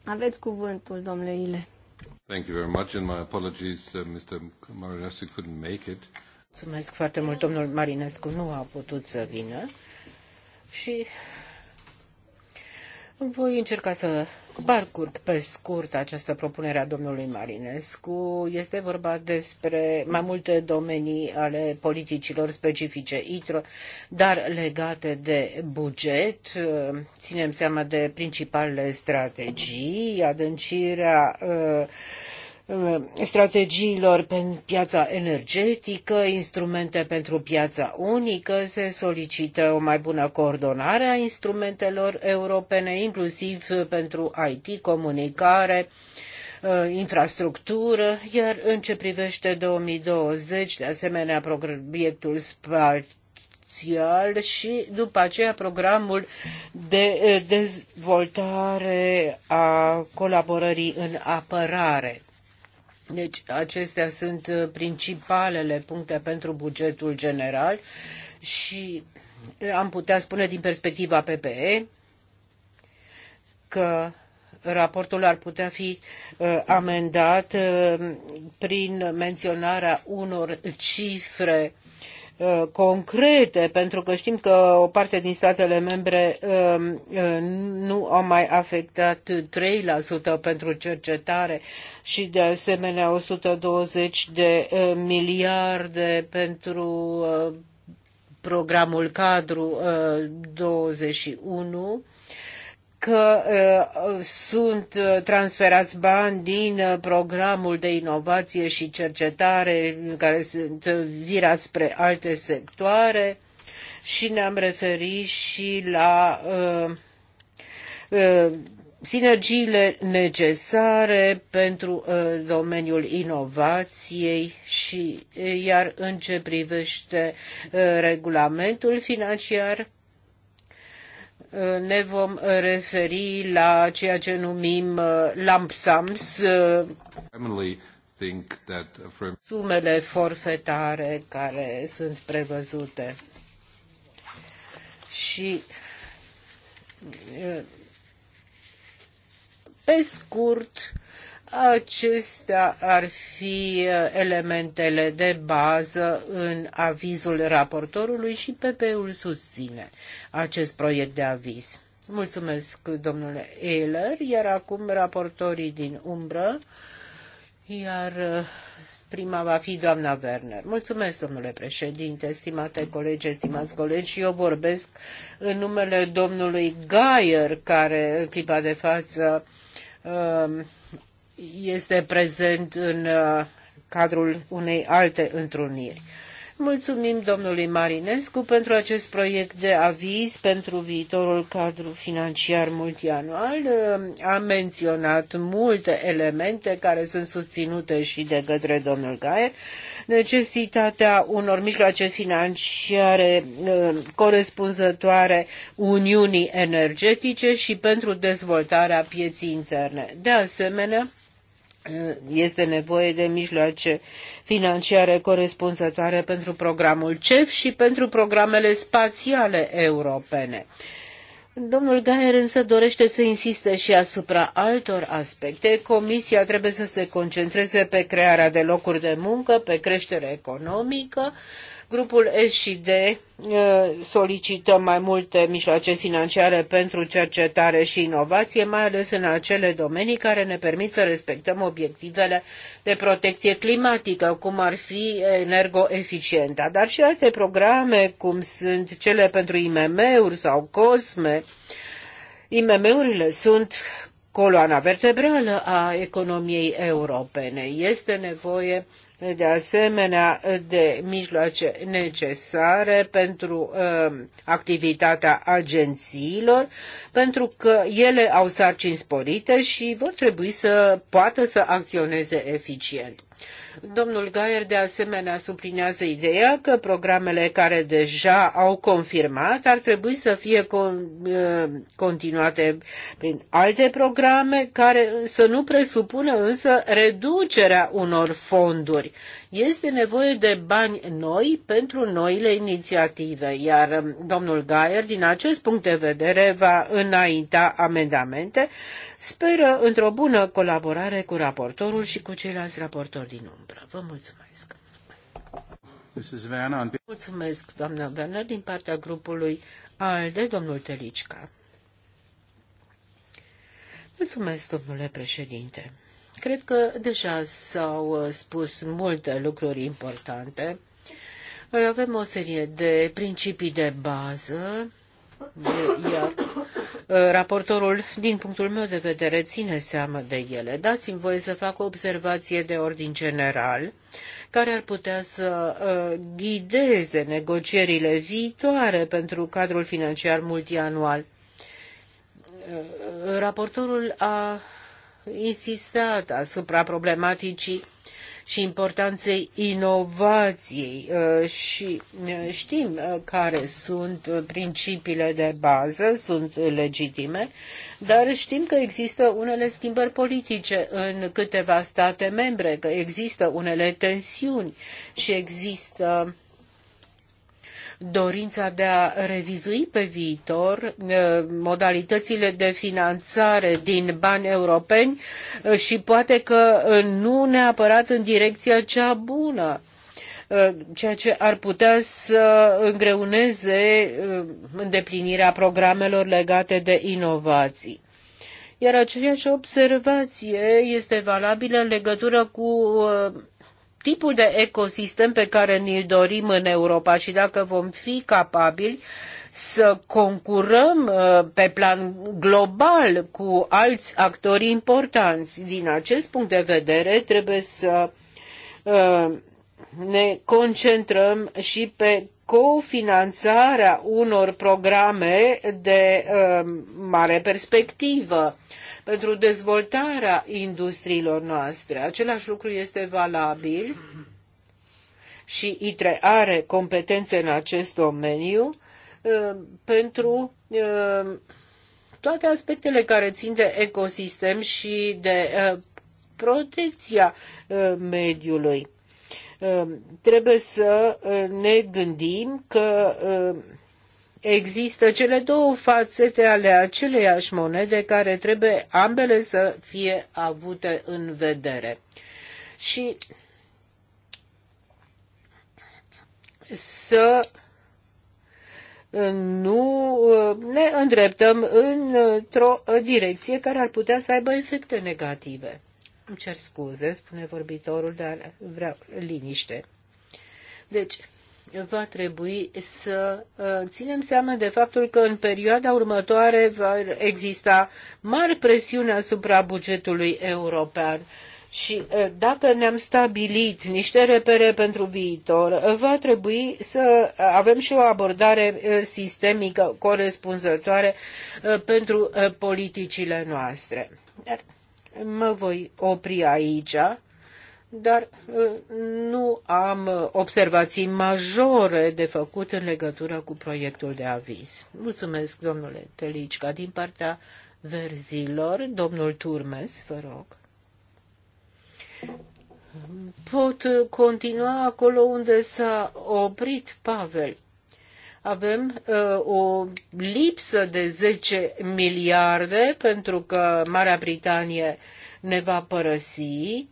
Aveți cuvântul, domnule Ile. Thank you very much and my apologies, uh, Mr. Marinescu couldn't make it. Mulțumesc foarte mult, domnul Marinescu nu a putut să vină și voi încerca să Barcurt, pe scurt această propunere a domnului Marinescu. Este vorba despre mai multe domenii ale politicilor specifice ITRO, dar legate de buget. Ținem seama de principalele strategii, adâncirea uh, Um, strategiilor pe piața energetică, instrumente pentru piața unică, se solicită o mai bună coordonare a instrumentelor europene, inclusiv pentru IT, comunicare, uh, infrastructură, iar în ce privește 2020, de asemenea, proiectul spațial și după aceea programul de uh, dezvoltare a colaborării în apărare. Deci acestea sunt uh, principalele puncte pentru bugetul general și uh, am putea spune din perspectiva PPE că raportul ar putea fi uh, amendat uh, prin menționarea unor cifre Uh, concrete, pentru că știm că o parte din statele membre um, uh, nu au mai afectat 3% pentru cercetare și de asemenea 120 de uh, miliarde pentru programul cadru 21 că uh, sunt uh, transferați bani din uh, programul de inovație și cercetare care sunt virați spre alte sectoare și ne-am referit și la uh, uh, sinergiile necesare pentru uh, domeniul inovației și iar în ce privește regulamentul financiar ne vom referi la ceea ce numim uh, lump sums, uh, sumele forfetare care sunt prevăzute. Și uh, pe scurt, Acestea ar fi uh, elementele de bază în avizul raportorului și PP-ul susține acest proiect de aviz. Mulțumesc, domnule Ehler, iar acum raportorii din umbră, iar uh, prima va fi doamna Werner. Mulțumesc, domnule președinte, stimate colegi, stimați colegi, și eu vorbesc în numele domnului Gaier, care în clipa de față uh, este prezent în uh, cadrul unei alte întruniri. Mulțumim domnului Marinescu pentru acest proiect de aviz pentru viitorul cadru financiar multianual. Uh, Am menționat multe elemente care sunt susținute și de către domnul Gaier. Necesitatea unor mijloace financiare uh, corespunzătoare Uniunii Energetice și pentru dezvoltarea pieții interne. De asemenea, este nevoie de mijloace financiare corespunzătoare pentru programul CEF și pentru programele spațiale europene. Domnul Gaier însă dorește să insiste și asupra altor aspecte. Comisia trebuie să se concentreze pe crearea de locuri de muncă, pe creștere economică, uh, Grupul S și D uh, solicită mai multe mijloace financiare pentru cercetare și inovație, mai ales în acele domenii care ne permit să respectăm obiectivele de protecție climatică, cum ar fi energoeficienta, dar și alte programe, cum sunt cele pentru IMM-uri sau COSME. IMM-urile sunt coloana vertebrală a economiei europene. Este nevoie de asemenea de mijloace necesare pentru uh, activitatea agențiilor, pentru că ele au sarcini sporite și vor trebui să poată să acționeze eficient. Domnul Gaier de asemenea sublinează ideea că programele care deja au confirmat ar trebui să fie con- uh, continuate prin alte programe care să nu presupună însă reducerea unor fonduri. Este nevoie de bani noi pentru noile inițiative, iar um, domnul Gaier, din acest punct de vedere, va înainta amendamente, speră într-o bună colaborare cu raportorul și cu ceilalți raportori din umbră. Vă mulțumesc! Mulțumesc, doamna Werner, din partea grupului ALDE, domnul Telicica. Mulțumesc, domnule președinte. Cred că deja s-au uh, spus multe lucruri importante. Noi avem o serie de principii de bază, iar uh, raportorul, din punctul meu de vedere, ține seamă de ele. Dați-mi voie să fac o observație de ordin general, care ar putea să uh, ghideze negocierile viitoare pentru cadrul financiar multianual. Raportorul a insistat asupra problematicii și importanței inovației uh, și uh, știm uh, care sunt principiile de bază, sunt legitime, dar știm că există unele schimbări politice în câteva state membre, că există unele tensiuni și există dorința de a revizui pe viitor uh, modalitățile de finanțare din bani europeni uh, și poate că uh, nu neapărat în direcția cea bună ceea ce ar putea să îngreuneze îndeplinirea programelor legate de inovații. Iar aceeași observație este valabilă în legătură cu tipul de ecosistem pe care ni-l dorim în Europa și dacă vom fi capabili să concurăm uh, pe plan global cu alți actori importanți. Din acest punct de vedere, trebuie să uh, ne concentrăm și pe cofinanțarea unor programe de uh, mare perspectivă pentru dezvoltarea industriilor noastre. Același lucru este valabil și ITRE are competențe în acest domeniu uh, pentru uh, toate aspectele care țin de ecosistem și de uh, protecția mediului. Trebuie să ne gândim că există cele două fațete ale aceleiași monede care trebuie ambele să fie avute în vedere. Și să uh, nu uh, ne îndreptăm într-o direcție care ar putea să aibă efecte negative. Îmi cer scuze, spune vorbitorul, dar vreau liniște. Deci, va trebui să uh, ținem seama de faptul că în perioada următoare va exista mari presiuni asupra bugetului european. Și uh, dacă ne-am stabilit niște repere pentru viitor, uh, va trebui să avem și o abordare sistemică corespunzătoare pentru politicile noastre. Dar mă voi opri aici dar uh, nu am uh, observații majore de făcut în legătură cu proiectul de aviz. Mulțumesc, domnule Telicica, din partea verzilor. Domnul Turmes, vă rog. Pot uh, continua acolo unde s-a oprit Pavel. Avem uh, o lipsă de 10 miliarde pentru că Marea Britanie ne va părăsi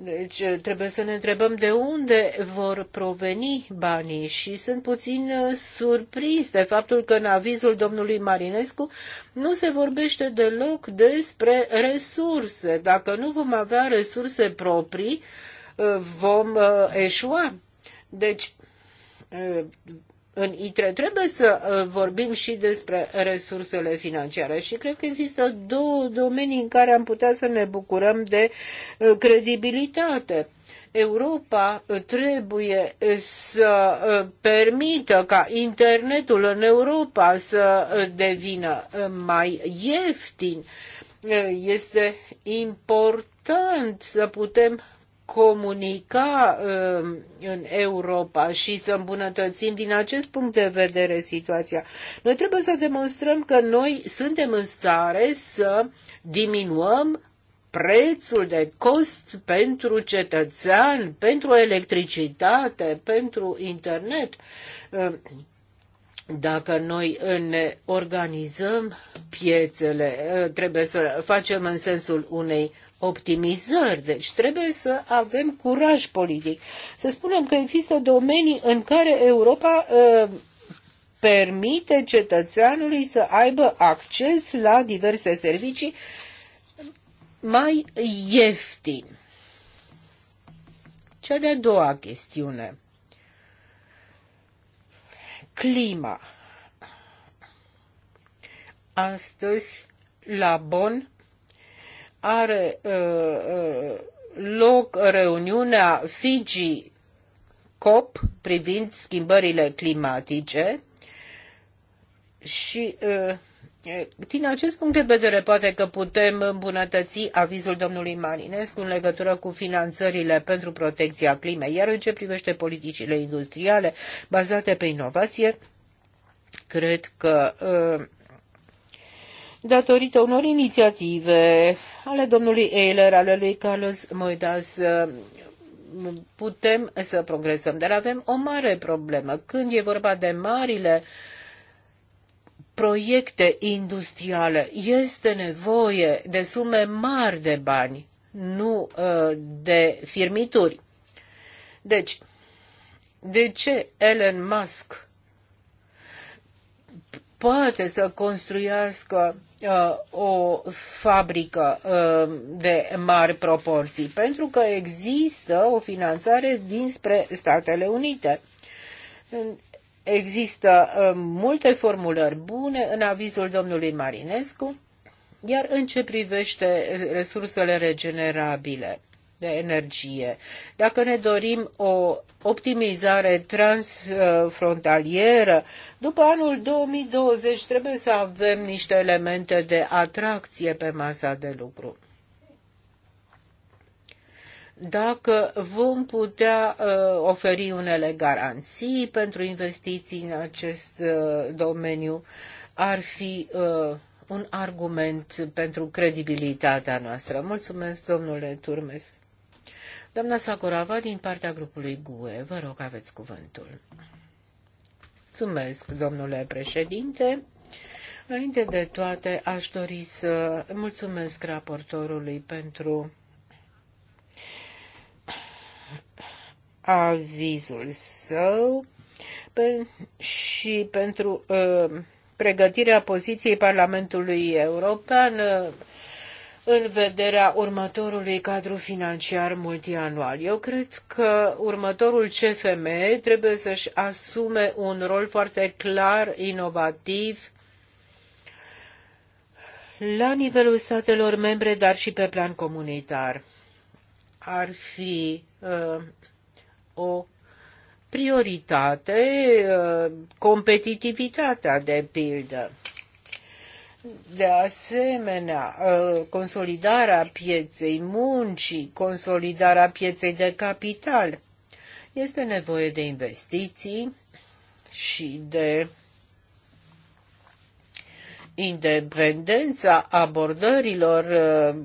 deci eh, trebuie să ne întrebăm de unde vor proveni banii și sunt puțin eh, surprins de faptul că în avizul domnului Marinescu nu se vorbește deloc despre resurse. Dacă nu vom avea resurse proprii, eh, vom eșua. Deci în ITRE trebuie să uh, vorbim și despre resursele financiare și cred că există două domenii în care am putea să ne bucurăm de uh, credibilitate. Europa uh, trebuie să permită ca internetul în Europa să devină mai ieftin. Este important să putem comunica uh, în Europa și să îmbunătățim din acest punct de vedere situația. Noi trebuie să demonstrăm că noi suntem în stare să diminuăm prețul de cost pentru cetățean, pentru electricitate, pentru internet. Uh, dacă noi ne organizăm piețele, uh, trebuie să facem în sensul unei optimizări, deci trebuie să avem curaj politic. Să spunem că există domenii în care Europa ă, permite cetățeanului să aibă acces la diverse servicii mai ieftin. Cea de-a doua chestiune. Clima. Astăzi, la Bonn, are uh, uh, loc reuniunea Fiji COP privind schimbările climatice și uh, din acest punct de vedere, poate că putem îmbunătăți avizul domnului Marinescu în legătură cu finanțările pentru protecția climei, iar în ce privește politicile industriale bazate pe inovație, cred că uh, datorită unor inițiative ale domnului Ehler, ale lui Carlos Moedas, um, putem să progresăm. Dar avem o mare problemă. Când e vorba de marile proiecte industriale, este nevoie de sume mari de bani, nu uh, de firmituri. Deci, de ce Elon Musk poate să construiască Uh, o fabrică uh, de mari proporții, pentru că există o finanțare dinspre Statele Unite. Există uh, multe formulări bune în avizul domnului Marinescu, iar în ce privește resursele regenerabile de energie. Dacă ne dorim o optimizare transfrontalieră, după anul 2020 trebuie să avem niște elemente de atracție pe masa de lucru dacă vom putea uh, oferi unele garanții pentru investiții în acest uh, domeniu, ar fi uh, un argument pentru credibilitatea noastră. Mulțumesc, domnule Turmes. Doamna Sakurava, din partea grupului GUE, vă rog, aveți cuvântul. Mulțumesc, domnule președinte. Înainte de toate, aș dori să mulțumesc raportorului pentru avizul său pe, și pentru uh, pregătirea poziției Parlamentului European uh, în vederea următorului cadru financiar multianual. Eu cred că următorul CFM trebuie să-și asume un rol foarte clar, inovativ, la nivelul statelor membre, dar și pe plan comunitar. Ar fi uh, o prioritate, uh, competitivitatea de pildă. De asemenea, ă, consolidarea pieței muncii, consolidarea pieței de capital. Este nevoie de investiții și de independența abordărilor ă,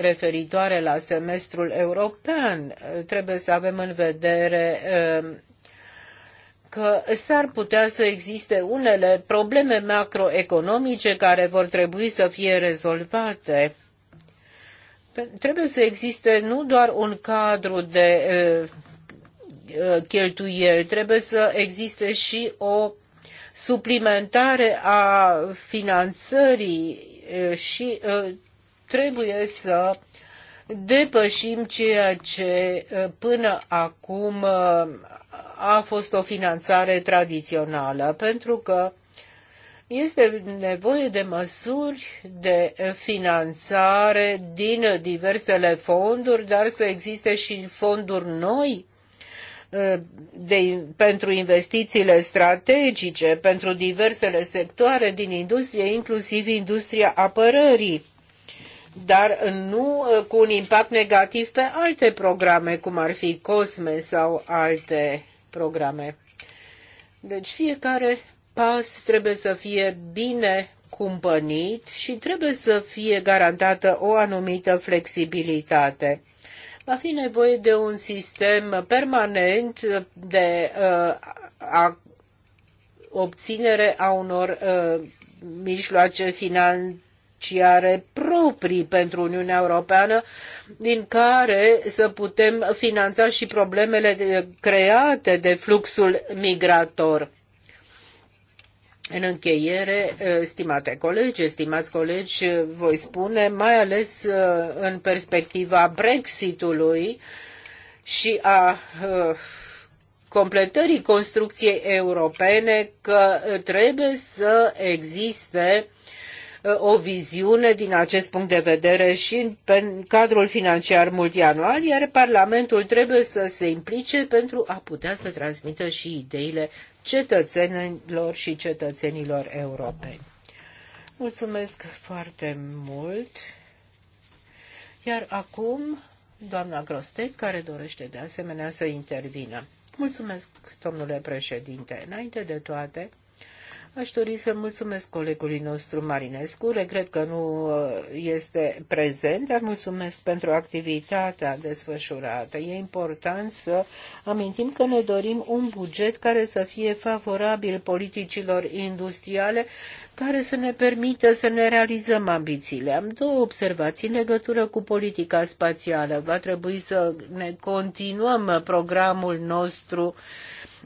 referitoare la semestrul european. Trebuie să avem în vedere ă, că s-ar putea să existe unele probleme macroeconomice care vor trebui să fie rezolvate. Trebuie să existe nu doar un cadru de cheltuieli, trebuie să existe și o suplimentare a finanțării și trebuie să depășim ceea ce până acum a fost o finanțare tradițională, pentru că este nevoie de măsuri de finanțare din diversele fonduri, dar să existe și fonduri noi eh, de, pentru investițiile strategice, pentru diversele sectoare din industrie, inclusiv industria apărării dar nu eh, cu un impact negativ pe alte programe, cum ar fi COSME sau alte programe. Deci fiecare pas trebuie să fie bine cumpănit și trebuie să fie garantată o anumită flexibilitate. Va fi nevoie de un sistem permanent de uh, a obținere a unor uh, mijloace finanțe financiare proprii pentru Uniunea Europeană, din care să putem finanța și problemele create de fluxul migrator. În încheiere, stimate colegi, stimați colegi, voi spune, mai ales în perspectiva Brexitului și a uh, completării construcției europene, că trebuie să existe uh, o viziune din acest punct de vedere și în, în cadrul financiar multianual, iar Parlamentul trebuie să se implice pentru a putea să transmită și ideile cetățenilor și cetățenilor europeni. Mulțumesc foarte mult. Iar acum, doamna Grostet, care dorește de asemenea să intervină. Mulțumesc, domnule președinte. Înainte de toate, Aș dori să mulțumesc colegului nostru Marinescu. Regret că nu uh, este prezent, dar mulțumesc pentru activitatea desfășurată. E important să amintim că ne dorim un buget care să fie favorabil politicilor industriale, care să ne permită să ne realizăm ambițiile. Am două observații în legătură cu politica spațială. Va trebui să ne continuăm programul nostru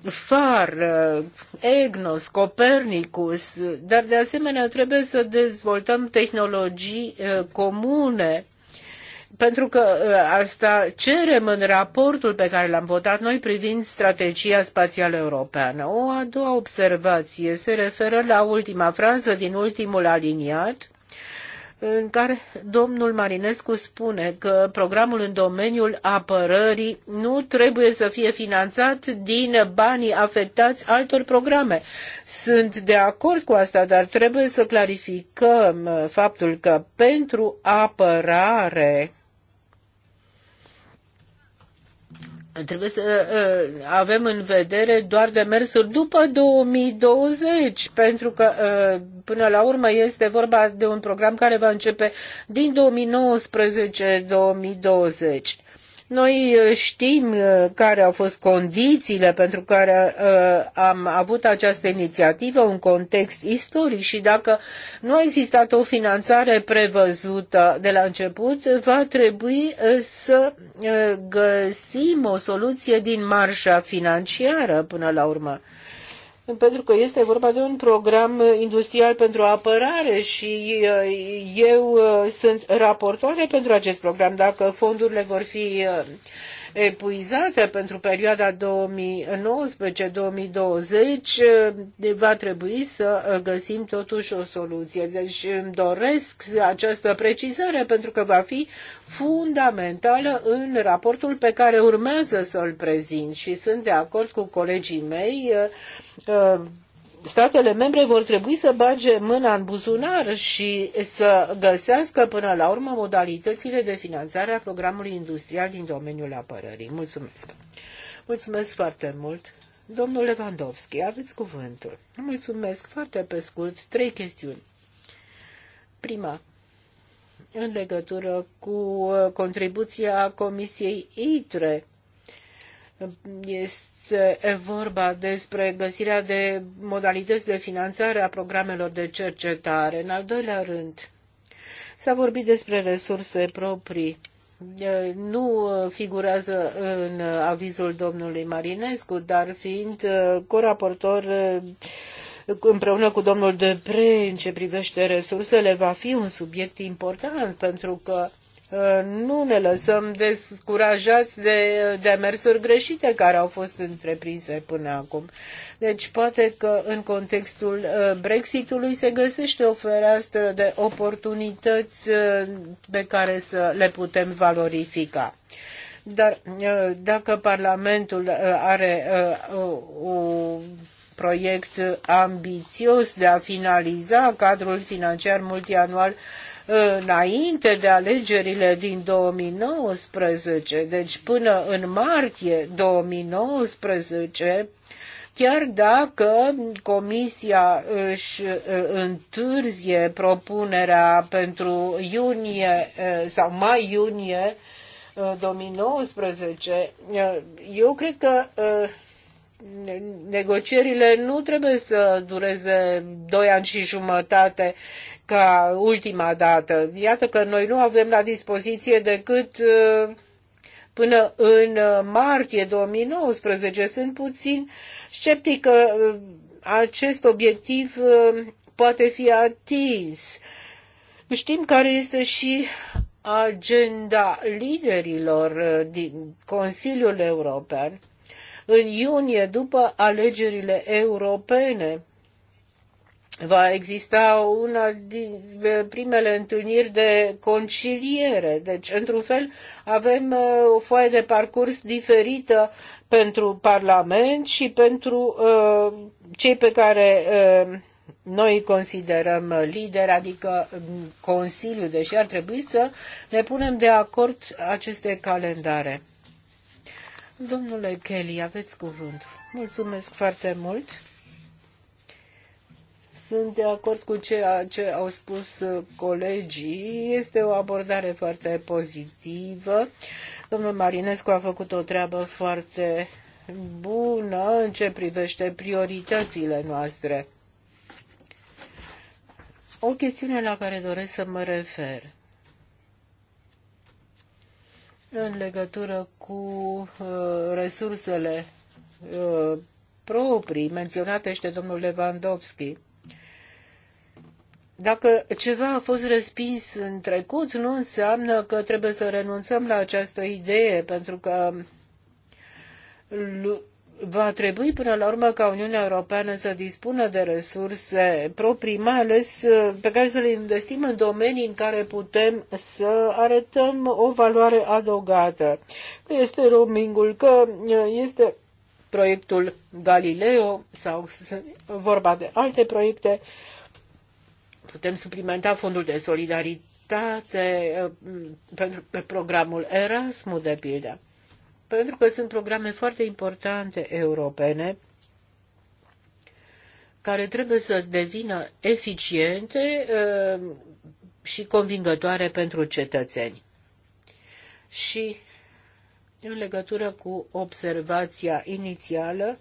FAR, EGNOS, Copernicus, dar de asemenea trebuie să dezvoltăm tehnologii uh, comune pentru că uh, asta cerem în raportul pe care l-am votat noi privind strategia spațială europeană. O a doua observație se referă la ultima frază din ultimul aliniat, în care domnul Marinescu spune că programul în domeniul apărării nu trebuie să fie finanțat din banii afectați altor programe. Sunt de acord cu asta, dar trebuie să clarificăm faptul că pentru apărare trebuie să uh, avem în vedere doar demersul după 2020, pentru că uh, până la urmă este vorba de un program care va începe din 2019-2020. Noi uh, știm uh, care au fost condițiile pentru care uh, am avut această inițiativă, un context istoric și dacă nu a existat o finanțare prevăzută de la început, va trebui să găsim o soluție din marja financiară până la urmă pentru că este vorba de un program industrial pentru apărare și uh, eu uh, sunt raportoare pentru acest program. Dacă fondurile vor fi uh, epuizate pentru perioada 2019-2020, va trebui să găsim totuși o soluție. Deci îmi doresc această precizare pentru că va fi fundamentală în raportul pe care urmează să-l prezint și sunt de acord cu colegii mei statele membre vor trebui să bage mâna în buzunar și să găsească până la urmă modalitățile de finanțare a programului industrial din domeniul apărării. Mulțumesc! Mulțumesc foarte mult! Domnul Lewandowski, aveți cuvântul. Mulțumesc foarte pe scurt. Trei chestiuni. Prima, în legătură cu contribuția Comisiei ITRE este vorba despre găsirea de modalități de finanțare a programelor de cercetare. În al doilea rând, s-a vorbit despre resurse proprii nu figurează în avizul domnului Marinescu, dar fiind coraportor împreună cu domnul Depre în ce privește resursele, va fi un subiect important pentru că Uh, nu ne lăsăm descurajați de demersuri greșite care au fost întreprinse până acum. Deci poate că în contextul uh, Brexitului se găsește o fereastră de oportunități uh, pe care să le putem valorifica. Dar dacă Parlamentul are un proiect ambițios de a finaliza cadrul financiar multianual, înainte de alegerile din 2019, deci până în martie 2019, chiar dacă Comisia își uh, întârzie propunerea pentru iunie uh, sau mai-iunie 2019, uh, eu cred că negocierile nu trebuie să dureze doi ani și jumătate ca ultima dată. Iată că noi nu avem la dispoziție decât uh, până în martie 2019. Sunt puțin sceptic că uh, acest obiectiv uh, poate fi atins. Știm care este și agenda liderilor din Consiliul European în iunie, după alegerile europene, va exista una din eh, primele întâlniri de conciliere. Deci, într-un fel, avem eh, o foaie de parcurs diferită pentru Parlament și pentru uh, cei pe care uh, noi îi considerăm lideri, adică mm, Consiliul, deși ar trebui să ne punem de acord aceste calendare. Domnule Kelly, aveți cuvânt. Mulțumesc foarte mult. Sunt de acord cu ceea ce au spus colegii. Este o abordare foarte pozitivă. Domnul Marinescu a făcut o treabă foarte bună în ce privește prioritățile noastre. O chestiune la care doresc să mă refer – în legătură cu uh, resursele uh, proprii menționate și de domnul Lewandowski. Dacă ceva a fost respins în trecut, nu înseamnă că trebuie să renunțăm la această idee, pentru că va trebui până la urmă ca Uniunea Europeană să dispună de resurse proprii, mai ales uh, pe care să le investim în domenii în care putem să arătăm o valoare adăugată. Că este roamingul, că uh, este proiectul Galileo sau vorba de alte proiecte. Putem suplimenta fondul de solidaritate uh, pe programul Erasmus, de pildă pentru că sunt programe foarte importante europene care trebuie să devină eficiente uh, și convingătoare pentru cetățeni. Și în legătură cu observația inițială,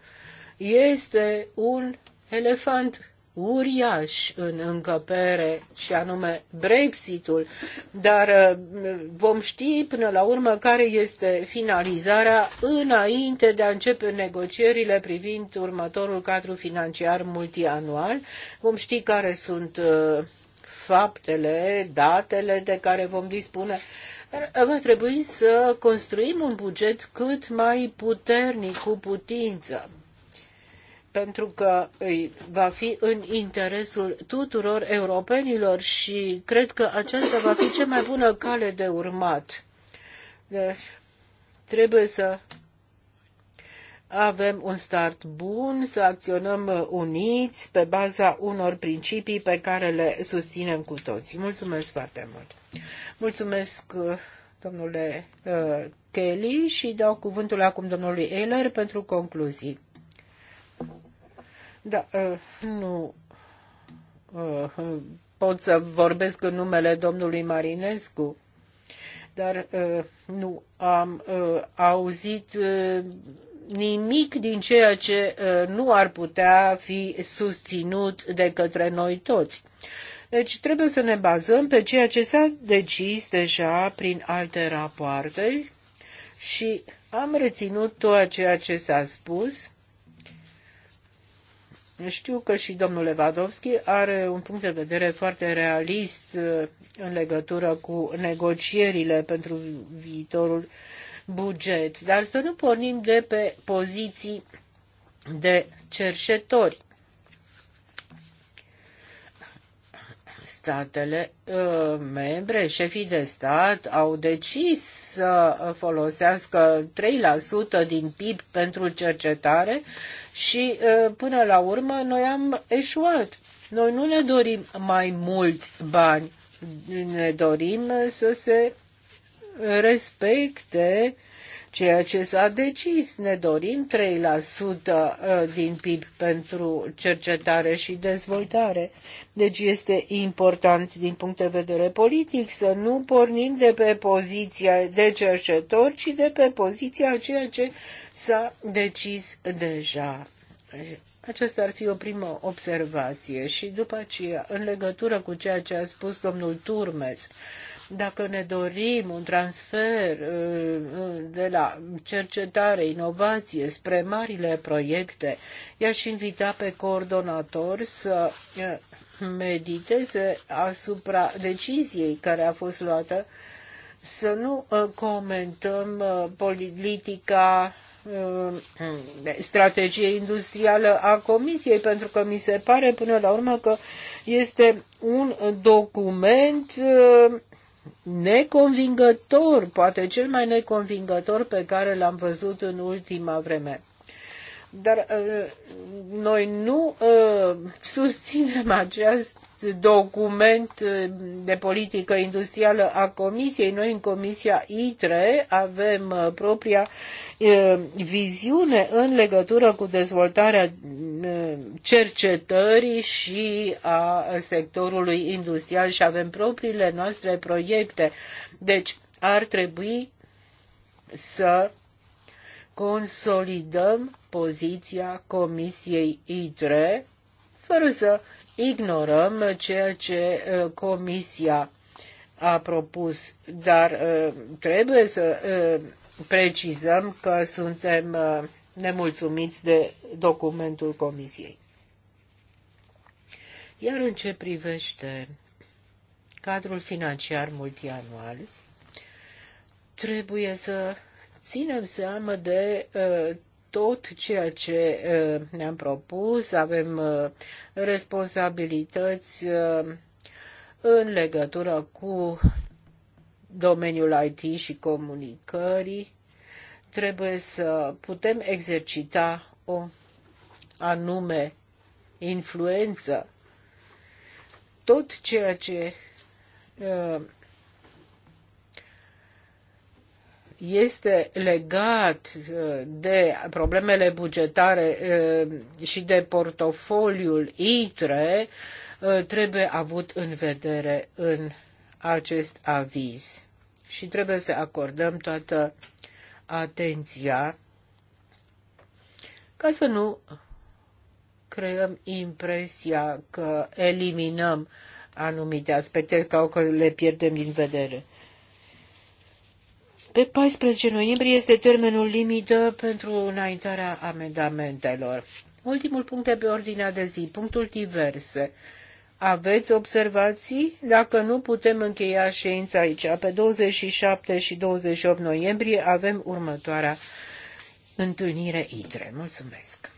este un elefant uriaș în încăpere și anume Brexitul, dar uh, vom ști până la urmă care este finalizarea înainte de a începe negocierile privind următorul cadru financiar multianual. Vom ști care sunt uh, faptele, datele de care vom dispune. Uh, va trebui să construim un buget cât mai puternic cu putință pentru că va fi în interesul tuturor europenilor și cred că aceasta va fi cea mai bună cale de urmat. Deci, trebuie să avem un start bun, să acționăm uniți pe baza unor principii pe care le susținem cu toții. Mulțumesc foarte mult! Mulțumesc, domnule uh, Kelly, și dau cuvântul acum domnului Eller pentru concluzii. Da, uh, nu uh, pot să vorbesc în numele domnului Marinescu, dar uh, nu am auzit nimic din ceea ce nu ar putea fi susținut de către noi toți. Deci trebuie să ne bazăm pe ceea ce s-a decis deja prin alte rapoarte și am reținut tot ceea ce s-a spus știu că și domnul Levadovski are un punct de vedere foarte realist uh, în legătură cu negocierile pentru viitorul buget, dar să nu pornim de pe poziții de cerșetori. statele uh, membre, șefii de stat, au decis să folosească 3% din PIB pentru cercetare și uh, până la urmă noi am eșuat. Noi nu ne dorim mai mulți bani, ne dorim să se respecte ceea ce s-a decis. Ne dorim 3% uh, din PIB pentru cercetare și dezvoltare. Deci este important din punct de vedere politic să nu pornim de pe poziția de cercetor, ci de pe poziția a ceea ce s-a decis deja. Aceasta ar fi o primă observație și după aceea, în legătură cu ceea ce a spus domnul Turmes, uh, dacă ne dorim un transfer uh, uh, de la cercetare, inovație spre marile proiecte, i-aș invita pe coordonator să uh, mediteze asupra deciziei care a fost luată să nu comentăm politica strategie industrială a Comisiei, pentru că mi se pare până la urmă că este un document neconvingător, poate cel mai neconvingător pe care l-am văzut în ultima vreme. Dar uh, noi nu uh, susținem acest document uh, de politică industrială a Comisiei. Noi în Comisia ITRE avem propria viziune în legătură cu dezvoltarea cercetării și a sectorului industrial și avem propriile noastre proiecte. Deci ar trebui să consolidăm poziția Comisiei ITRE, fără să ignorăm ceea ce uh, Comisia a propus, dar uh, trebuie să uh, precizăm că suntem nemulțumiți de documentul Comisiei. Iar în ce privește cadrul financiar multianual, trebuie să ținem seama de uh, tot ceea ce uh, ne-am propus, avem uh, responsabilități în legătură cu domeniul IT și comunicării, trebuie să putem exercita o anume influență. Tot ceea ce este legat uh, de problemele bugetare uh, și de portofoliul ITRE uh, trebuie avut în vedere în acest aviz și trebuie să acordăm toată atenția ca să nu creăm impresia că eliminăm anumite aspecte sau că le pierdem din vedere. Pe 14 noiembrie este termenul limită pentru înaintarea amendamentelor. Ultimul punct de pe ordinea de zi, punctul diverse. Aveți observații? Dacă nu, putem încheia ședința aici. Pe 27 și 28 noiembrie avem următoarea întâlnire ITRE. Mulțumesc!